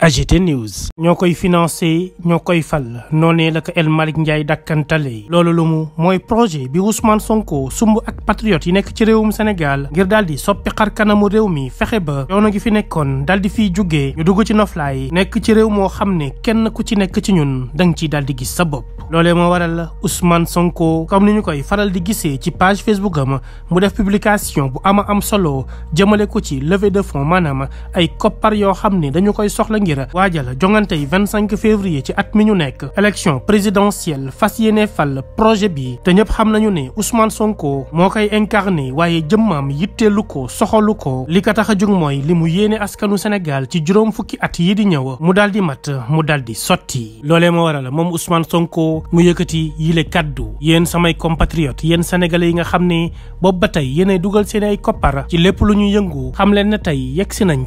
AGT News ñoo koy financé ñoo koy fal noonee la ko El Malick Ndiaye dakkantale loolu lu mooy projet bi Ousmane Sonko sumb ak patriote yi nekk ci réewum Sénégal ngir daal di soppi xar kanamu réew mi fexe ba yoona ngi fi nekkoon daal di fiy jugee ñu dugg ci noflaay nekk ci réew moo xam ne kenn ku ci nekk ci ñun danga ciy daal di gis sa bopp. loolee moo waral Ousmane Sonko comme ni ñu koy faral di gisee ci page Facebook am mu def publication bu ama am solo jëmale ko ci levée de fonds maanaam ay koppar yoo xam ne dañu koy soxla. ngir waajal jongante yi 25 février ci at mi ñu nekk élection présidentielle fas yéene fal projet bi te ñëpp xam nañu ne Ousmane Sonko moo koy incarné waaye jëmmaam yitteelu ko soxalu ko li ko tax a jóg mooy li mu yéene askanu Sénégal ci juróom fukki at yi di ñëw mu daal di mat mu daal di sotti loolee moo waral moom Ousmane Sonko mu yëkkati yile kaddu yéen samay compatriotes yéen sénégalais yi nga xam ne boobu ba tey yéenay dugal seen ay koppar ci lépp lu ñu yëngu xam ne tey yegg si nañ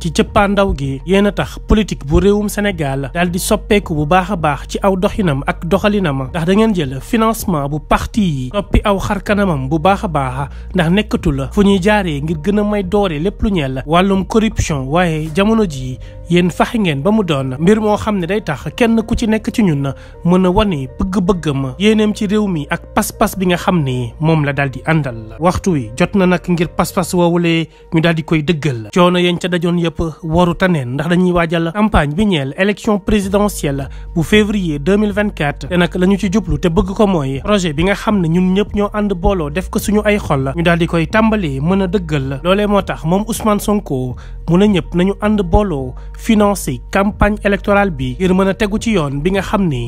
a bu réewum Sénégal daal di soppeeku bu baax a baax ci aw doxinam ak doxalinam ndax da ngeen jël financement bu parti yi toppi aw xar kanamam bu baax a baax ndax nekkatu la fu ñuy jaaree ngir gën a may doore lépp lu la wàllum corruption waaye jamono jii yéen fexe ngeen ba mu doon mbir moo xam ne day tax kenn ku ci nekk ci ñun na mën a wane bëgg ma yéeneem ci réew mi ak pas-pas bi nga xam ni moom la daal di àndal waxtu wi jot na nag ngir pas-pas woowulee ñu daal di koy dëggal coono yéen ca dajoon yëpp waru taneen ndax dañuy waajal campagne bi ñeel élection présidentielle bu février 2024 te nag la ñu ci jublu te bëgg ko mooy projet bi nga xam ne ñun ñëpp ñoo ànd booloo def ko suñu ay xol ñu daal di koy tàmbalee mën a dëggal loolee moo tax moom Ousmane Sonko mu ne ñëpp nañu ànd booloo financé campagne électorale bi ngir mën a tegu ci yoon bi nga xam ni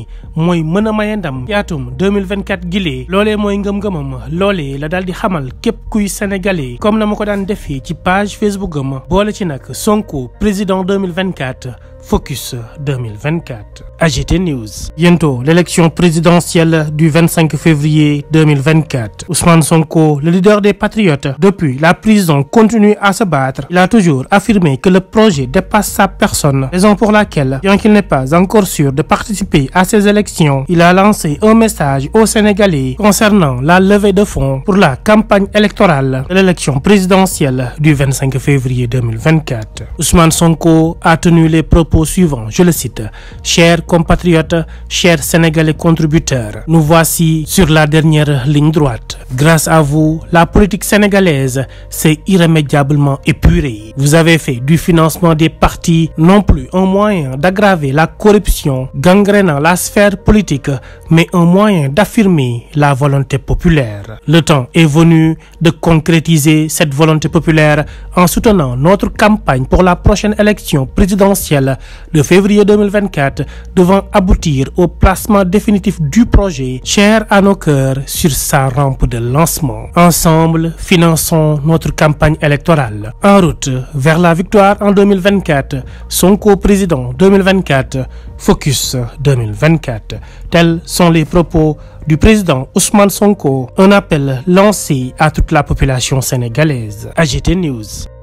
mooy mën a ma ndam ci atum 2024 gilee loolee mooy ngëm-ngëmam loolee la daal di xamal képp kuy sénégalais comme na ma ko daan defee ci page Facebook am boole ci nag Sonko président 2024 Focus 2024. AGT News. Bientôt, l'élection présidentielle du 25 février 2024. Ousmane Sonko, le leader des Patriotes, depuis la prison, continue à se battre. Il a toujours affirmé que le projet dépasse sa personne, raison pour laquelle, bien qu'il n'est pas encore sûr de participer à ces élections, il a lancé un message aux Sénégalais concernant la levée de fonds pour la campagne électorale de l'élection présidentielle du 25 février 2024. Ousmane Sonko a tenu les propos suivants je le cite chers compatriotes chers sénégalais contributeurs nous voici sur la dernière ligne droite grâce à vous la politique sénégalaise s'est irrémédiablement épurée vous avez fait du financement des partis non plus un moyen d'aggraver la corruption gangrénant la sphère politique mais un moyen d'affirmer la volonté populaire le temps est venu de concrétiser cette volonté populaire en soutenant notre campagne pour la prochaine élection présidentielle de février 2024 devant aboutir au placement définitif du projet cher à nos cœurs sur sa rampe de lancement. Ensemble, finançons notre campagne électorale. En route vers la victoire en 2024, Sonko président 2024, Focus 2024. Tels sont les propos du président Ousmane Sonko, un appel lancé à toute la population sénégalaise. AGT News.